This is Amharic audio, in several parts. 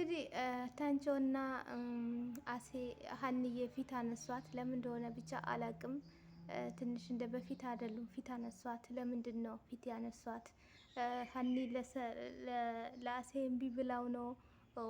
እንግዲህ ተንቾና አሴ ሀንዬ ፊት አነሷት። ለምን እንደሆነ ብቻ አላቅም። ትንሽ እንደ በፊት አይደሉም። ፊት አነሷት። ለምንድን ነው ፊት ያነሷት? ሀኒ ለአሴ እምቢ ብላው ነው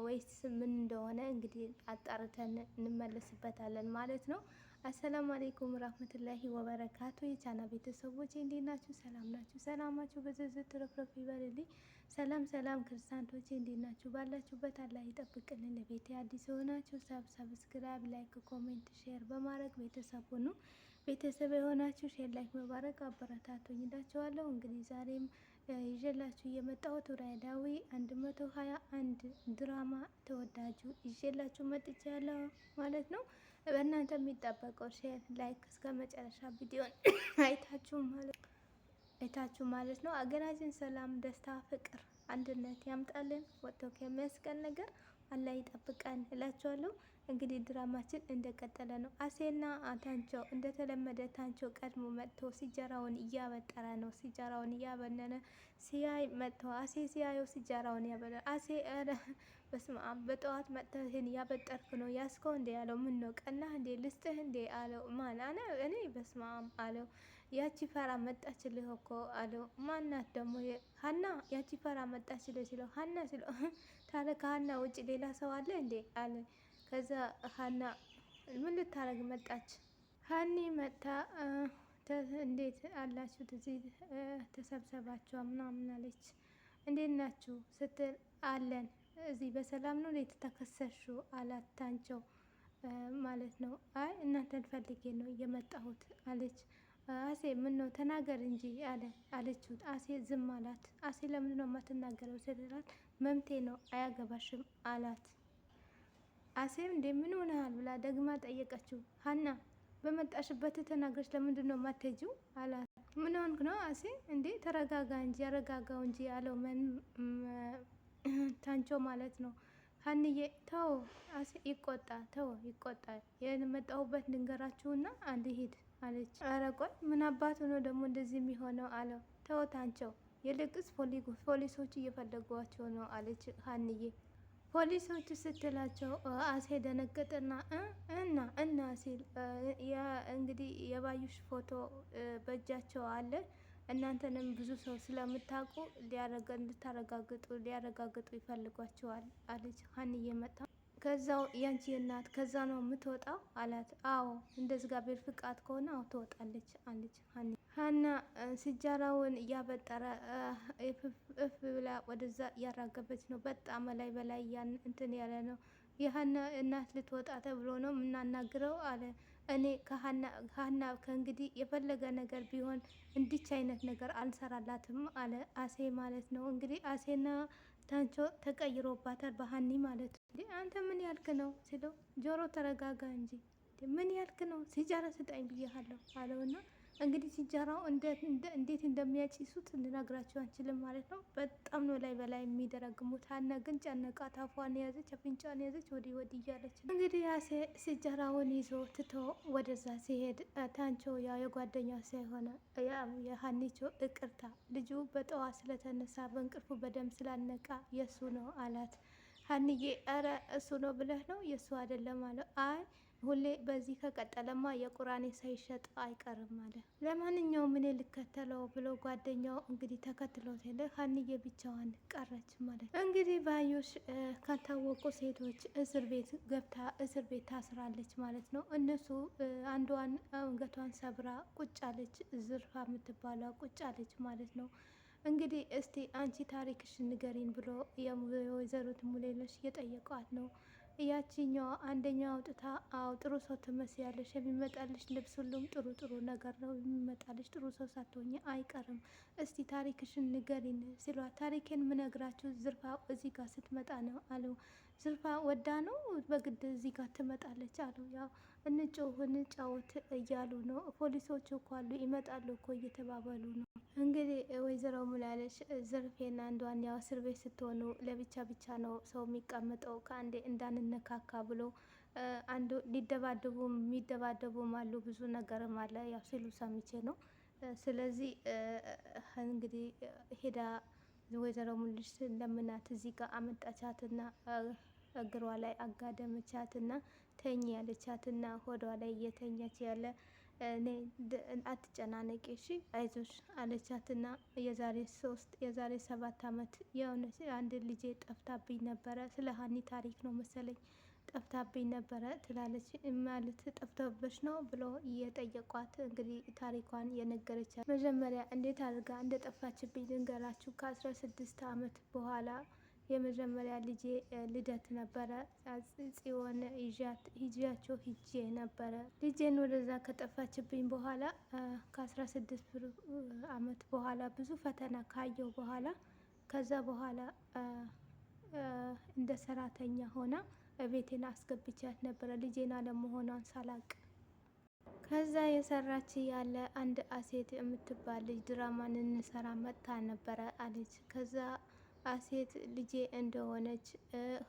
ወይስ ምን እንደሆነ እንግዲህ አጣርተን እንመለስበታለን ማለት ነው። አሰላሙ አሌይኩም ራህመቱላሂ ወበረካቱ የቻና ቤተሰቦች እንዴት ናችሁ? ሰላም ናችሁ? ሰላማችሁ በዝርዝር ትረፍረፍ ይበልልኝ። ሰላም ሰላም ክርስቲያኖቼ እንዴት ናችሁ? ባላችሁበት አላህ ይጠብቅልን። ለቤት አዲስ የሆናችሁ ሳብ ሰብስክራይብ፣ ላይክ፣ ኮሜንት፣ ሼር በማድረግ ቤተሰብ ሁኑ። ቤተሰብ የሆናችሁ ሼር፣ ላይክ በማድረግ አበረታቱኝ እላችኋለሁ። እንግዲህ ዛሬም ይዤላችሁ የመጣሁት ኖላዊ 121 ድራማ ተወዳጁ ይዤላችሁ መጥቻለሁ ማለት ነው። በእናንተ የሚጠበቀው ሼር፣ ላይክ እስከ መጨረሻ ቪዲዮን አይታችሁ ማለት ነው እህታችሁ ማለት ነው። አገራችን ሰላም፣ ደስታ፣ ፍቅር፣ አንድነት ያምጣልን። ወጥቶ ከሚያስቀን ነገር አላህ ይጠብቀን እላችኋለሁ። እንግዲህ ድራማችን እንደቀጠለ ነው። አሴና ታንቸው እንደተለመደ ታንቸው ቀድሞ መጥቶ ሲጃራውን እያበጠረ ነው። ሲጃራውን እያበነነ ሲያይ መጥቶ አሴ ሲያየው ሲጃራውን ያበረ አሴ ረ በስመ አብ በጠዋት መጥተህ ይህን ነው ያስከው እንዴ ያለው። ምን ነው ቀናህ እንዴ ልስጥህ እንዴ አለው። ማን እኔ በስመ አብ አለው። ያቺ ፈራ መጣችልህ እኮ አለው። ማናት ደግሞ ሀና? ያቺ ፈራ መጣችልህ ሲለው ሀና ሲለው ታለ ከሀና ውጭ ሌላ ሰው አለ እንዴ አለ። ከዛ ሀና ምን ልታረግ መጣች? ሀኒ መጣ እንዴት አላችሁ እዚህ ተሰብሰባችሁ ምናምን አለች። እንዴት ናችሁ ስትል አለን እዚህ በሰላም ነው እንዴት ተከሰሹ አላታንቸው ማለት ነው። አይ እናንተን ፈልጌ ነው የመጣሁት አለች። አሴ ምን ነው ተናገር እንጂ አለ አለችው። አሴ ዝም አላት። አሴ ለምን ነው የማትናገረው ስትላት መምቴ ነው አያገባሽም አላት። አሴም እንዴ ምን ሆነሃል ብላ ደግማ ጠየቀችው። ሀና በመጣሽበት ተናገርሽ ለምንድን ነው የማትሄጂው አላት። ምን ሆንክ ነው አሴ እንዴ ተረጋጋ እንጂ ያረጋጋው እንጂ አለው። ታንቾ ማለት ነው ሀንዬ ተው ይቆጣ ተው ይቆጣ የመጣሁበት ልንገራችሁና አንድ ሂድ አለች። አረ ቆይ ምን አባቱ ነው ደግሞ እንደዚህ የሚሆነው አለው። ታንቸው ይልቅስ ፖሊሶች እየፈለጓቸው ነው አለች ሀንዬ። ፖሊሶቹ ስትላቸው አሴ ደነገጠና እና እና ሲል እንግዲህ የባዩሽ ፎቶ በእጃቸው አለ እናንተንም ብዙ ሰው ስለምታውቁ እንድታረጋግጡ ሊያረጋግጡ ይፈልጓቸዋል አለች። ሀንዬ መጣ። ከዛው ያንቺ እናት ከዛ ነው የምትወጣው አላት። አዎ እንደ እግዚአብሔር ፍቃድ ከሆነ አዎ ትወጣለች አለች ሀኒ። ሀና ሲጃራውን እያበጠረ እፍ ብላ ወደዛ እያራገበች ነው። በጣም በላይ በላይ እንትን ያለ ነው። የሀና እናት ልትወጣ ተብሎ ነው የምናናግረው አለ እኔ ከሀና ከእንግዲህ የፈለገ ነገር ቢሆን እንዲች አይነት ነገር አልሰራላትም አለ አሴ ማለት ነው። እንግዲህ አሴና ታንቾ ተቀይሮባታል በሀኒ ማለት ነው። አንተ ምን ያልክ ነው ሲለው ጆሮ ተረጋጋ እንጂ ምን ያልክ ነው ሲጨረስ ስጠኝ ብያሃለሁ አለውና እንግዲህ ሲጀራው እንዴት እንደሚያጭሱት ልነግራቸው አንችልም ማለት ነው። በጣም ነው ላይ በላይ የሚደረግሙት። ሀና ግን ጨነቃ ታፏን የያዘች አፍንጫን የያዘች ወዲህ ወዲህ እያለች እንግዲህ ያ ሲጃራውን ይዞ ትቶ ወደዛ ሲሄድ ታንቾ የጓደኛ የጓደኛው ሳይሆነ የሀኒቾ ይቅርታ ልጁ በጠዋ ስለተነሳ በእንቅልፉ በደም ስላነቃ የእሱ ነው አላት። ሀኒዬ ኧረ እሱ ነው ብለህ ነው የእሱ አይደለም አለው። አይ ሁሌ በዚህ ከቀጠለማ የቁራኔ ሳይሸጥ አይቀርም አለ። ለማንኛውም እኔ ልከተለው ብሎ ጓደኛው እንግዲህ ተከትሎት ሄደ። ሀንዬ ብቻዋን ቀረች ማለት እንግዲህ ባዩሽ ካልታወቁ ሴቶች እስር ቤት ገብታ እስር ቤት ታስራለች ማለት ነው። እነሱ አንዷን አንገቷን ሰብራ ቁጫለች፣ ዝርፋ የምትባለው ቁጫለች ማለት ነው። እንግዲህ እስቲ አንቺ ታሪክሽ ንገሪን ብሎ የወይዘሮት ሙሌነሽ እየጠየቋት ነው ያቺኛዋ አንደኛው አውጥታ አው ጥሩ ሰው ትመስያለሽ፣ የሚመጣልሽ ልብስ ሁሉም ጥሩ ጥሩ ነገር ነው የሚመጣልሽ፣ ጥሩ ሰው ሳትሆኝ አይቀርም። እስቲ ታሪክሽን ንገሪን ሲሏት ታሪኬን ምነግራችሁ ዝርፋ እዚህ ጋር ስትመጣ ነው አለው። ዝርፋ ወዳ ነው በግድ እዚህ ጋር ትመጣለች አሉ። ያው እንጮህ እንጫወት እያሉ ነው። ፖሊሶች እኮ አሉ ይመጣሉ እኮ እየተባባሉ ነው። እንግዲህ ወይዘሮ ሙላለሽ ዝርፌና አንዷን ያው እስር ቤት ስትሆኑ ለብቻ ብቻ ነው ሰው የሚቀመጠው ከአንዴ እንዳንነካካ ብሎ አንዱ ሊደባደቡ የሚደባደቡም አሉ ብዙ ነገርም አለ ያው ሲሉ ሰምቼ ነው። ስለዚህ እንግዲህ ሄዳ ወይዘሮ ሙልሽ ለምናት እዚህ ጋር አመጣቻትና እግሯ ላይ አጋደመቻትና ተኝ ያለቻትና ሆዷ ላይ እየተኛች ያለ አትጨናነቂ እሺ አይዞሽ አለቻትና የዛሬ ሶስት የዛሬ ሰባት ዓመት የሆነች አንድ ልጄ ጠፍታብኝ ነበረ። ስለ ሀኒ ታሪክ ነው መሰለኝ ጠፍታብኝ ነበረ ትላለች። ማለት ጠፍተብሽ ነው ብሎ እየጠየቋት እንግዲህ ታሪኳን የነገረቻት መጀመሪያ እንዴት አድርጋ ጠፋችብኝ ልንገራችሁ ከአስራ ስድስት ዓመት በኋላ የመጀመሪያ ልጄ ልደት ነበረ። ጽዮን ይዣቸው ሂጄ ነበረ። ልጄን ወደዛ ከጠፋችብኝ በኋላ ከ16 አመት በኋላ ብዙ ፈተና ካየው በኋላ ከዛ በኋላ እንደ ሰራተኛ ሆና ቤቴን አስገብቻት ነበረ ልጄን አለመሆኗን ሳላቅ ከዛ የሰራች ያለ አንድ አሴት የምትባል ልጅ ድራማን እንሰራ መጥታ ነበረ አለች። ከዛ አሴት ልጄ እንደሆነች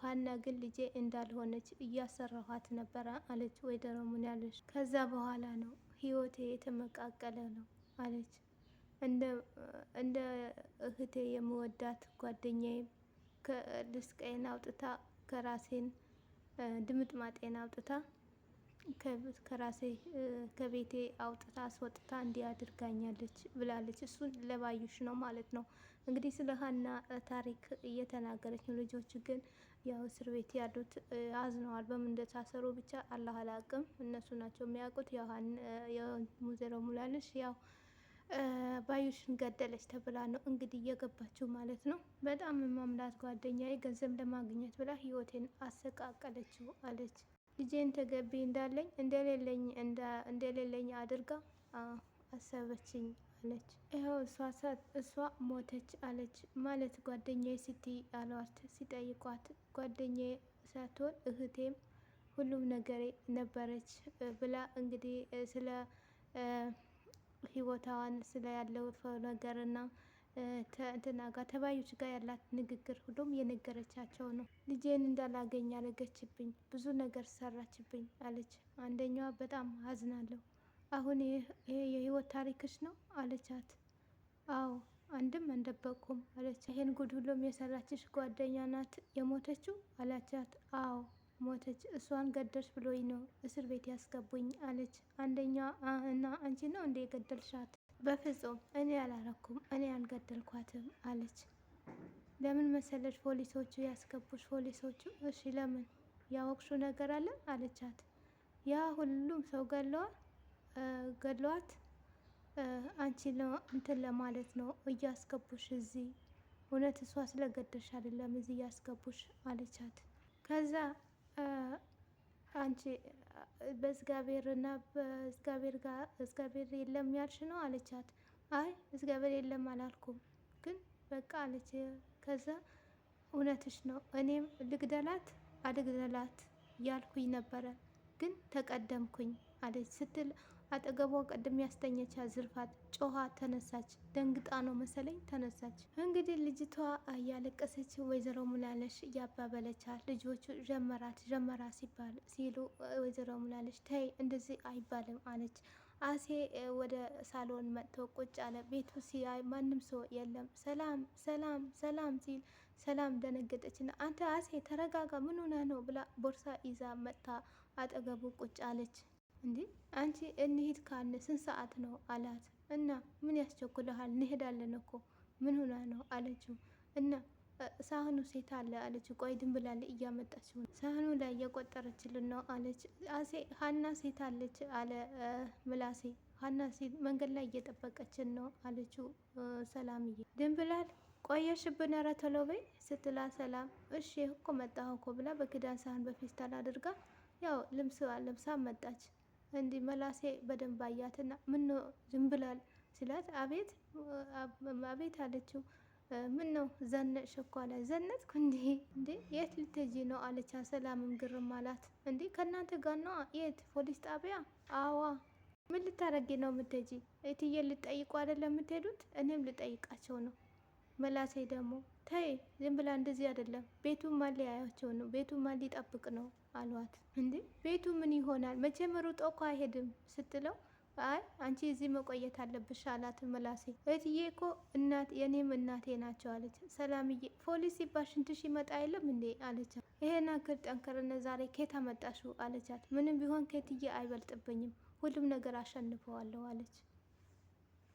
ሀና ግን ልጄ እንዳልሆነች እያሰራኋት ነበረ አለች ወይዘሮ ሙናለሽ። ከዛ በኋላ ነው ህይወቴ የተመቃቀለ ነው አለች። እንደ እህቴ የምወዳት ጓደኛዬም ልስቀይን አውጥታ ከራሴን ድምጥ ማጤን አውጥታ ከራሴ ከቤቴ አውጥታ አስወጥታ እንዲያድርጋኛለች ብላለች። እሱን ለባዩሽ ነው ማለት ነው እንግዲህ ስለ ሀና ታሪክ እየተናገረች ነው። ልጆች ግን ያው እስር ቤት ያሉት አዝነዋል። በምን እንደታሰሩ ብቻ አላህ አላቅም። እነሱ ናቸው የሚያውቁት። ሙዘራ ሙላለች ያው ባዩሽን ገደለች ተብላ ነው እንግዲህ እየገባችው ማለት ነው። በጣም የማምላት ጓደኛዬ ገንዘብ ለማግኘት ብላ ህይወቴን አሰቃቀለችው አለች። ልጄን ተገቢ እንዳለኝ እንደሌለኝ እንደሌለኝ አድርጋ አሰበችኝ አለች። ይኸው እሷ ሰት እሷ ሞተች አለች ማለት ጓደኛዬ ስትይ አሏት። ሲጠይቋት ጓደኛዬ ሳትሆን እህቴም ሁሉም ነገሬ ነበረች ብላ እንግዲህ ስለ ህይወታዋን ስለ ያለው ነገርና እንትና ጋር ተባዮች ጋር ያላት ንግግር ሁሉም የነገረቻቸው ነው። ልጄን እንዳላገኝ አረገችብኝ፣ ብዙ ነገር ሰራችብኝ አለች። አንደኛዋ በጣም አዝናለሁ አሁን ይሄ የህይወት ታሪክሽ ነው አለቻት። አዎ አንድም አንደበቁም አለች። ይሄን ጉድ ሁሉም የሰራችሽ ጓደኛ ናት የሞተችው አላቻት። አዎ ሞተች፣ እሷን ገደልሽ ብሎኝ ነው እስር ቤት ያስገቡኝ አለች። አንደኛ እና አንቺ ነው እንዴ የገደልሻት? በፍጹም እኔ አላረኩም፣ እኔ አልገደልኳትም አለች። ለምን መሰለች ፖሊሶቹ ያስገቡሽ? ፖሊሶቹ እሺ፣ ለምን ያወቅሹ ነገር አለ አለቻት። ያ ሁሉም ሰው ገለዋል ገድሏት አንቺን እንትን ለማለት ነው እያስገቡሽ እዚህ እውነት እሷ ስለገደልሽ አይደለም እዚህ እያስገቡሽ አለቻት። ከዛ አንቺ በእግዚአብሔር እና በእግዚአብሔር ጋር እግዚአብሔር የለም ያልሽ ነው አለቻት። አይ እግዚአብሔር የለም አላልኩም ግን በቃ አለች። ከዛ እውነትሽ ነው እኔም ልግደላት አልግደላት ያልኩኝ ነበረ ግን ተቀደምኩኝ አለች ስትል አጠገቧ ቅድም ያስተኛቻ ዝርፋት ጮኋ ተነሳች። ደንግጣ ነው መሰለኝ ተነሳች። እንግዲህ ልጅቷ እያለቀሰች ወይዘሮ ሙላለሽ እያባበለቻት ልጆቹ ጀመራት ጀመራ ሲባል ሲሉ ወይዘሮ ሙላለሽ ተይ እንደዚህ አይባልም አለች። አሴ ወደ ሳሎን መጥቶ ቁጭ አለ። ቤቱ ሲያይ ማንም ሰው የለም። ሰላም ሰላም ሰላም ሲል ሰላም ደነገጠችና አንተ አሴ ተረጋጋ፣ ምን ሆነህ ነው ብላ ቦርሳ ይዛ መጥታ አጠገቡ ቁጭ አለች። እንዴ አንቺ እንሂድ ካለ ስንት ሰዓት ነው አላት። እና ምን ያስቸኩልሃል? እንሄዳለን እኮ ምን ሆና ነው አለችው። እና ሳህኑ ሴት አለ አለችው። ቆይ ድንብላል እያመጣችው ሳህኑ ላይ እየቆጠረችልን ነው አለች። አሴ ሀና ሴት አለች አለ ምላሴ። ሀና ሴት መንገድ ላይ እየጠበቀችን ነው አለችው ሰላምዬ። ድንብላል ቆየሽብን፣ ኧረ ቶሎ በይ ስትላ ሰላም እሺ እኮ መጣሁ እኮ ብላ በክዳን ሳህን በፌስታል አድርጋ ያው ልብስ ለብሳ መጣች። እንዲህ መላሴ በደንብ አያትና ምን ነው ዝም ብላል ሲላት፣ አቤት አቤት አለችው። ምን ነው ዘነጥሽ እኮ አላት። ዘነጥኩ እንዴ የት ልትሄጂ ነው አለቻ። ሰላምም ግርም አላት። እንዴ ከእናንተ ጋር ነው የት ፖሊስ ጣቢያ? አዋ ምን ልታረጊ ነው የምትሄጂ? እትዬ ልጠይቁ አይደለም የምትሄዱት? እኔም ልጠይቃቸው ነው መላሴ ደግሞ ተይ ዝም ብላ እንደዚህ አይደለም፣ ቤቱን ማን ሊያያቸው ነው? ቤቱ ማን ሊጠብቅ ነው አሏት። እንዴ ቤቱ ምን ይሆናል? መጀመሩ ጦኮ አይሄድም ስትለው አይ አንቺ እዚህ መቆየት አለብሽ አላት መላሴ። እህትዬ እኮ እናት የኔም እናቴ ናቸው አለች ሰላምዬ። ፖሊስ ሲባል ሽንትሽ ይመጣ የለም እንዴ አለቻ። ይሄን አክል ጠንከርነ ዛሬ ኬት አመጣሹ አለቻት። ምንም ቢሆን ኬትዬ አይበልጥብኝም፣ ሁሉም ነገር አሸንፈዋለሁ አለች።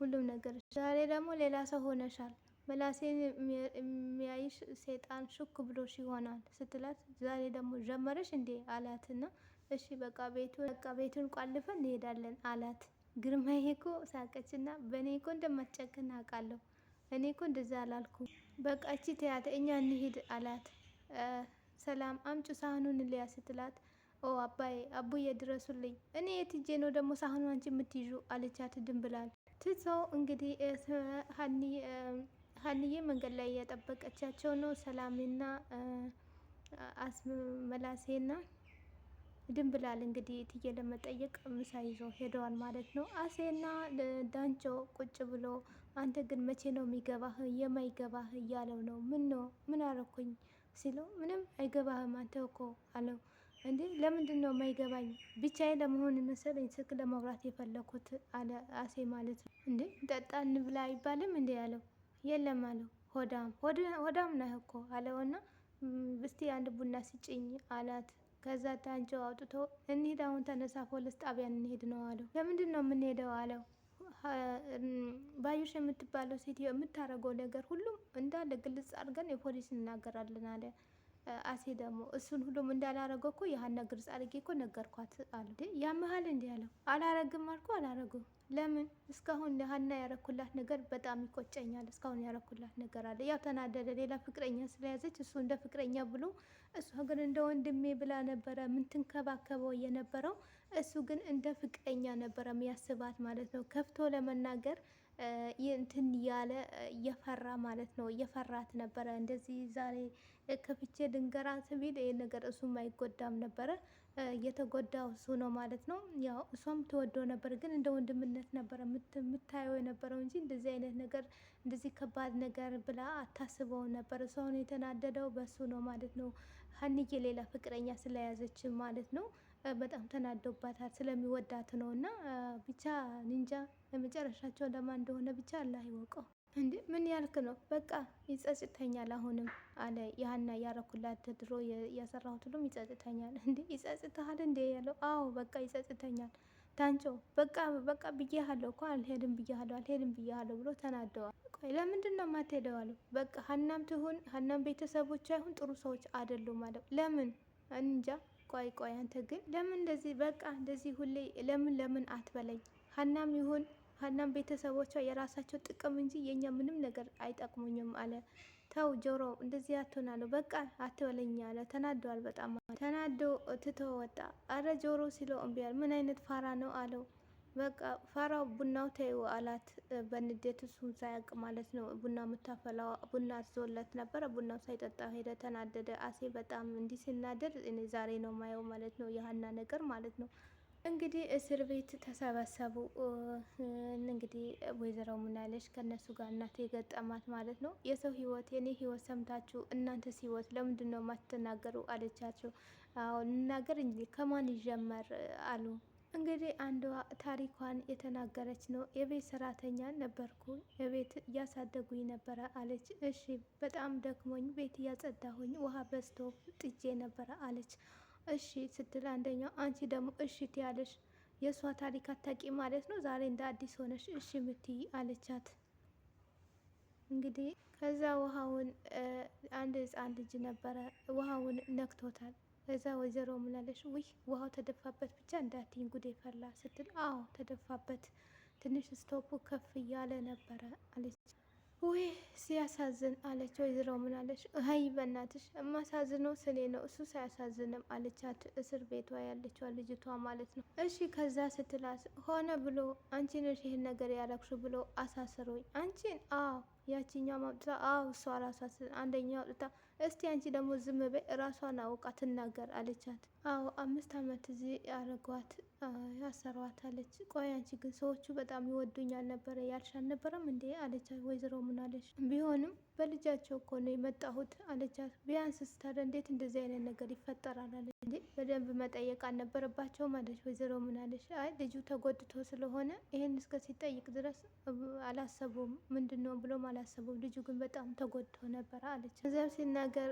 ሁሉም ነገር ዛሬ ደግሞ ሌላ ሰው ሆነሻል ምላሴን የሚያይሽ ሴጣን ሹክ ብሎሽ ይሆናል ስትላት፣ ዛሬ ደግሞ ጀመረሽ እንዴ አላትና እሺ በቃ ቤቱን በቃ ቤቱን ቋልፈን እንሄዳለን አላት። ግርማዬ እኮ ሳቀችና በእኔ እኮ እንደማትጨክን አውቃለሁ። እኔ እኮ እንደዛ አላልኩ። በቃ እቺ ትያት እኛ እንሂድ አላት። ሰላም አምጩ ሳህኑን ልያ ስትላት፣ ኦ አባዬ አቡዬ ድረሱልኝ። እኔ የትጄ ነው ደግሞ ሳህኑ አንቺ የምትይዡ አለቻት። ድንብላል ትቶ እንግዲህ ሀኒ ሀንዬ መንገድ ላይ እያጠበቀቻቸው ነው። ሰላምና አስመላሴና ድም ብላል እንግዲህ እትዬ ለመጠየቅ ምሳ ይዞ ሄደዋል ማለት ነው። አሴና ዳንቾ ቁጭ ብሎ አንተ ግን መቼ ነው የሚገባህ የማይገባህ እያለው ነው። ምን ነው ምን አረኩኝ ሲለው ምንም አይገባህም አንተ እኮ አለው። እንዴ ለምንድን ነው የማይገባኝ? ብቻዬ ለመሆን መሰለኝ ስልክ ለማውራት የፈለኩት አለ አሴ ማለት ነው። እንዴ ጠጣ እንብላ አይባልም እንዴ አለው። የለም አለው። ሆዳም ሆዳም ነህ እኮ አለውና እስቲ አንድ ቡና ስጭኝ አላት። ከዛ ዳንቸው አውጥቶ እንሂድ አሁን ተነሳ፣ ፖሊስ ጣቢያ እንሄድ ነው አለው። ለምንድን ነው የምንሄደው አለው። ባዩሽ የምትባለው ሴትዮ የምታደርገው ነገር ሁሉም እንዳለ ግልጽ አድርገን የፖሊስ እናገራለን አለ። አሴ ደግሞ እሱን ሁሉም እንዳላረገው እኮ ያህና ግልጽ አድርጌ እኮ ነገርኳት አለ። ያመሃል እንዲህ አለው። አላረግም አልኩ አላረጉም ለምን እስካሁን ለሀና ያረኩላት ነገር በጣም ይቆጨኛል። እስካሁን ያረኩላት ነገር አለ። ያው ተናደደ፣ ሌላ ፍቅረኛ ስለያዘች እሱ እንደ ፍቅረኛ ብሎ እሷ ግን እንደ ወንድሜ ብላ ነበረ ምንትንከባከበው የነበረው እሱ ግን እንደ ፍቅረኛ ነበረ የሚያስባት ማለት ነው። ከፍቶ ለመናገር እንትን እያለ እየፈራ ማለት ነው እየፈራት ነበረ። እንደዚህ ዛሬ ከፍቼ ድንገራት ቢል ይህ ነገር እሱም አይጎዳም ነበረ። እየተጎዳ እሱ ነው ማለት ነው። ያው እሷም ትወደው ነበር፣ ግን እንደ ወንድምነት ነበረ የምታየው የነበረው እንጂ እንደዚህ አይነት ነገር እንደዚህ ከባድ ነገር ብላ አታስበው ነበር። እሷ የተናደደው በሱ ነው ማለት ነው። ሀኒዬ ሌላ ፍቅረኛ ስለያዘች ማለት ነው። በጣም ተናዶባታል። ስለሚወዳት ነው እና ብቻ ኒንጃ ለመጨረሻቸው ለማን እንደሆነ ብቻ አላህ ይወቀው። እንዴ ምን ያልክ ነው? በቃ ይጸጽተኛል አሁንም አለ ያህና ያረኩላት ድሮ ያሰራሁት ሁሉም ይጸጽተኛል። እንዴ ይጸጽተሃል እንዴ ያለው አዎ በቃ ይጸጽተኛል። ታንቾ በቃ በቃ ብያሃለሁ እኮ አልሄድም ብያሃለሁ፣ አልሄድም ብያሃለሁ ብሎ ተናደዋል። ቆይ ለምንድን ነው የማትሄደው አለው። በቃ ሀናም ትሁን ሀናም ቤተሰቦቿ ይሁን ጥሩ ሰዎች አይደሉም አለው። ለምን እንጃ ቆይ ቆይ አንተ ግን ለምን እንደዚህ በቃ እንደዚህ ሁሌ ለምን ለምን አትበለኝ? ሀናም ይሁን ሀናም ቤተሰቦቿ የራሳቸው ጥቅም እንጂ የእኛ ምንም ነገር አይጠቅሙኝም አለ። ተው ጆሮ እንደዚህ አትሆናለሁ፣ በቃ አትበለኝ አለ። ተናደዋል በጣም ተናዶ ትቶ ወጣ። አረ ጆሮ ሲለው እምቢ አለ። ምን አይነት ፋራ ነው አለው። በቃ ፋራው ቡናው ተይው አላት በንዴት እሱን ሳያውቅ ማለት ነው። ቡና የምታፈላው ቡና አዞለት ነበረ። ቡናው ሳይጠጣ ሄደ። ተናደደ። አሴ በጣም እንዲህ ሲናደድ እኔ ዛሬ ነው ማየው ማለት ነው፣ የሀና ነገር ማለት ነው። እንግዲህ እስር ቤት ተሰበሰቡ። እንግዲህ ወይዘሮ ምናለሽ ከእነሱ ጋር እናት የገጠማት ማለት ነው። የሰው ህይወት የኔ ህይወት ሰምታችሁ እናንተስ ህይወት ለምንድን ነው የማትናገሩ አለቻቸው። አዎ እንናገር እንጂ ከማን ይጀመር አሉ እንግዲህ አንዷ ታሪኳን የተናገረች ነው። የቤት ሰራተኛ ነበርኩ፣ የቤት እያሳደጉኝ ነበረ አለች። እሺ በጣም ደክሞኝ ቤት እያጸዳሁኝ ውሃ በስቶ ጥጄ ነበረ አለች። እሺ ስትል አንደኛው አንቺ ደግሞ እሺ ትያለሽ፣ የእሷ ታሪክ አታቂ ማለት ነው፣ ዛሬ እንደ አዲስ ሆነሽ እሺ ምትይ አለቻት። እንግዲህ ከዛ ውሃውን አንድ ህፃን ልጅ ነበረ፣ ውሃውን ነክቶታል። እዛ ወይዘሮ ምናለሽ ውይ ውሃው ተደፋበት ብቻ እንዳትኝ ጉዴ ፈላ ስትል አዎ ተደፋበት ትንሽ ስቶፑ ከፍ እያለ ነበረ አለች። ውይ ሲያሳዝን አለች ወይዘሮ ምናለሽ። ሀይ በእናትሽ የማሳዝነው ስኔ ነው እሱ ሳያሳዝንም አለቻት። እስር ቤቷ ያለችዋ ልጅቷ ማለት ነው። እሺ ከዛ ስትላስ ሆነ ብሎ አንቺ ነሽ ይህን ነገር ያረግሹ ብሎ አሳሰሩኝ። አንቺን? አዎ ያቺኛው ማምጥታ አዎ እሷ ራሷ አንደኛው አውጥታ እስቲ አንቺ ደግሞ ዝም በይ እራሷን አውቃ ትናገር አለቻት። አዎ አምስት ዓመት እዚህ ያረጓት ያሰሯት አለች። ቆይ አንቺ ግን ሰዎቹ በጣም ይወዱኛል ነበረ ያልሽ አልነበረም እንዴ አለቻት። ወይዘሮ ምን ምናለሽ ቢሆንም በልጃቸው እኮ ነው የመጣሁት አለቻት። ቢያንስ ስታደ እንዴት እንደዚህ አይነት ነገር ይፈጠራል አለች። እንዴ በደንብ መጠየቅ አልነበረባቸው ማለት ወይዘሮ ምናለሽ አይ ልጁ ተጎድቶ ስለሆነ ይሄን እስከ ሲጠይቅ ድረስ አላሰቡም ምንድን ነው ብሎም አላሰቡም ልጁ ግን በጣም ተጎድቶ ነበር አለች እዚያም ሲናገር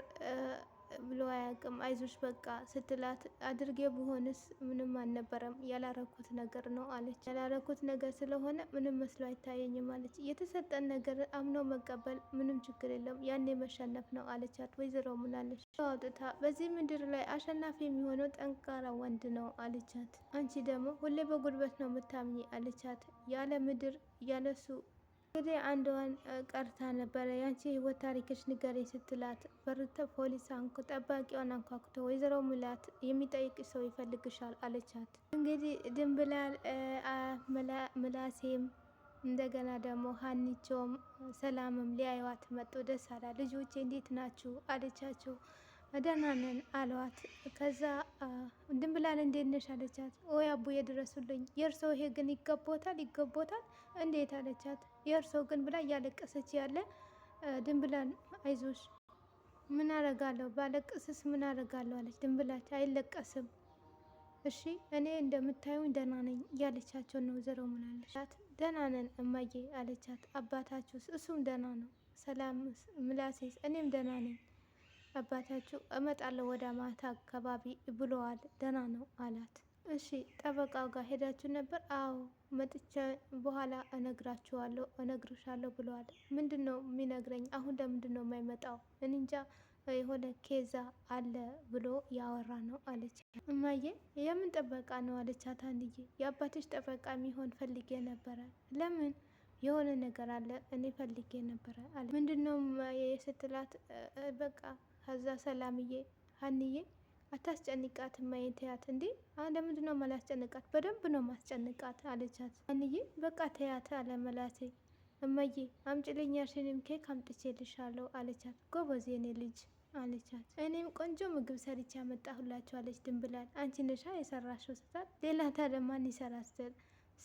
ብሎ አያውቅም። አይዞሽ በቃ ስትላት አድርጌ ብሆንስ ምንም አልነበረም ያላረኩት ነገር ነው አለች። ያላረኩት ነገር ስለሆነ ምንም መስሎ አይታየኝም አለች። የተሰጠን ነገር አምኖ መቀበል ምንም ችግር የለም፣ ያኔ መሸነፍ ነው አለቻት። ወይዘሮ ምናለች አውጥታ በዚህ ምድር ላይ አሸናፊ የሚሆነው ጠንካራ ወንድ ነው አለቻት። አንቺ ደግሞ ሁሌ በጉልበት ነው የምታምኚ አለቻት። ያለ ምድር ያለሱ እንግዲህ አንዷን ቀርታ ነበረ። ያንቺ ህይወት ታሪክሽ ንገሪኝ ስትላት በርተ ፖሊስ አንኩ ጠባቂዋን አንኳኩቶ ወይዘሮ ሙላት የሚጠይቅሽ ሰው ይፈልግሻል አለቻት። እንግዲህ ድንብላል ምላሴም እንደገና ደግሞ ሀኒቾም ሰላምም ሊያይዋት መጡ። ደስ አላ ልጆቼ እንዴት ናችሁ አለቻቸው። ደህና ነን አለዋት። ከዛ ድንብላል እንዴት ነሽ አለቻት። ወይ አቡ የደረሱልኝ የእርሰው ይሄ ግን ይገቦታል ይገቦታል እንዴት አለቻት። የእርሰው ግን ብላ እያለቀሰች ያለ ድንብላል አይዞሽ ምን አረጋለሁ ባለቅስስ ምን አረጋለሁ አለች። ድንብላች አይለቀስም እሺ እኔ እንደምታዩኝ ደህና ነኝ እያለቻቸው ነው። ወይዘሮ ምናለሻት ደህና ነን እማዬ አለቻት። አባታችሁስ? እሱም ደህና ነው። ሰላም ምላሴስ? እኔም ደህና ነኝ አባታችሁ እመጣለሁ ወደ ማታ አካባቢ ብለዋል። ደህና ነው አላት። እሺ ጠበቃው ጋር ሄዳችሁ ነበር? አዎ መጥቼ በኋላ እነግራችኋለሁ እነግርሻለሁ ብለዋል። ምንድን ነው የሚነግረኝ? አሁን ለምንድን ነው የማይመጣው? እንጃ የሆነ ኬዛ አለ ብሎ ያወራ ነው አለች። እማዬ የምን ጠበቃ ነው አለቻት አንድዬ። የአባቶች ጠበቃ የሚሆን ፈልጌ ነበረ። ለምን? የሆነ ነገር አለ እኔ ፈልጌ ነበረ አለ። ምንድን ነው ስትላት በቃ ከዛ ሰላምዬ ሀንዬ አታስጨንቃት ማየትያት እንዴ ለምንድን ነው ማላስጨንቃት? በደንብ ነው ማስጨንቃት አለቻት። ሀንዬ በቃ ተያት አለ መላሴ። እመዬ አምጪልኝ ያልሽኝም ኬክ አምጥቼልሻለሁ አለቻት። ጎበዝ የኔ ልጅ አለቻት። እኔም ቆንጆ ምግብ ሰርቼ አመጣሁላችሁ አለች ድንብላል። አንቺ ነሻ የሰራሽው ስታት ሌላ ታለማን ይሰራስል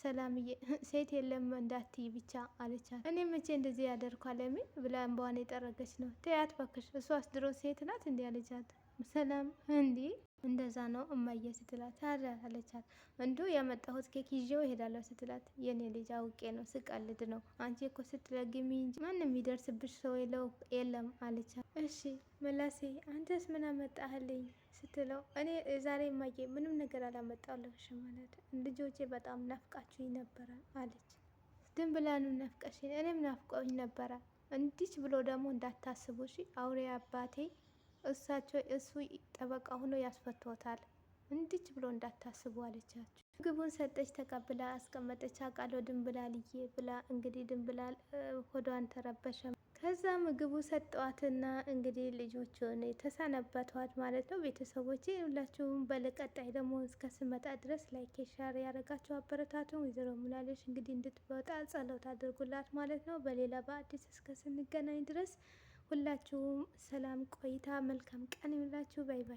ሰላምዬ ሴት የለም እንዳትይ ብቻ አለቻት። እኔ መቼ እንደዚህ ያደርኳ ለምን ብላ እንባዋን የጠረገች ነው። ተያት ባክሽ እሷስ ድሮ ሴት ናት እንዲህ አለቻት። ሰላም እንዲህ እንደዛ ነው እማየ ስትላት፣ ታረ አለቻት። እንዱ ያመጣሁት ኬክ ይዤው እሄዳለሁ ስትላት፣ የኔ ልጅ አውቄ ነው ስቀልድ ነው። አንቺ እኮ ስትለግሚ እንጂ ማንም የሚደርስብሽ ሰው የለም አለቻት። እሺ መላሴ አንተስ ምን አመጣህልኝ ስትለው፣ እኔ ዛሬ እማየ ምንም ነገር አላመጣሁልሽም ማለት ልጆቼ በጣም ናፍቃችሁኝ ነበረ አለች። ድን ብላኑ ናፍቀሽኝ፣ እኔም ናፍቆኝ ነበረ። እንዲች ብሎ ደግሞ እንዳታስቡ እሺ አውሬ አባቴ እሳቸው እሱ ጠበቃ ሆኖ ያስፈቶታል። እንዲች ብሎ እንዳታስቡ አለቻቸው። ምግቡን ሰጠች፣ ተቀብላ አስቀመጠች። አውቃለሁ ድንብላልዬ ብላ እንግዲህ ድንብላል ሆዷን ተረበሸ። ከዛ ምግቡ ሰጠዋትና እንግዲህ ልጆቹን ተሰናበቷት ማለት ነው። ቤተሰቦች ሁላችሁም በለቀጣይ ደግሞ እስከ ስመጣ ድረስ ላይክ ሸር ያደረጋችሁ አበረታቱን። ወይዘሮ ሙላለች እንግዲህ እንድትወጣ ጸሎት አድርጉላት ማለት ነው። በሌላ በአዲስ እስከ ስንገናኝ ድረስ ሁላችሁም ሰላም ቆይታ መልካም ቀን ይሁንላችሁ። ባይ ባይ።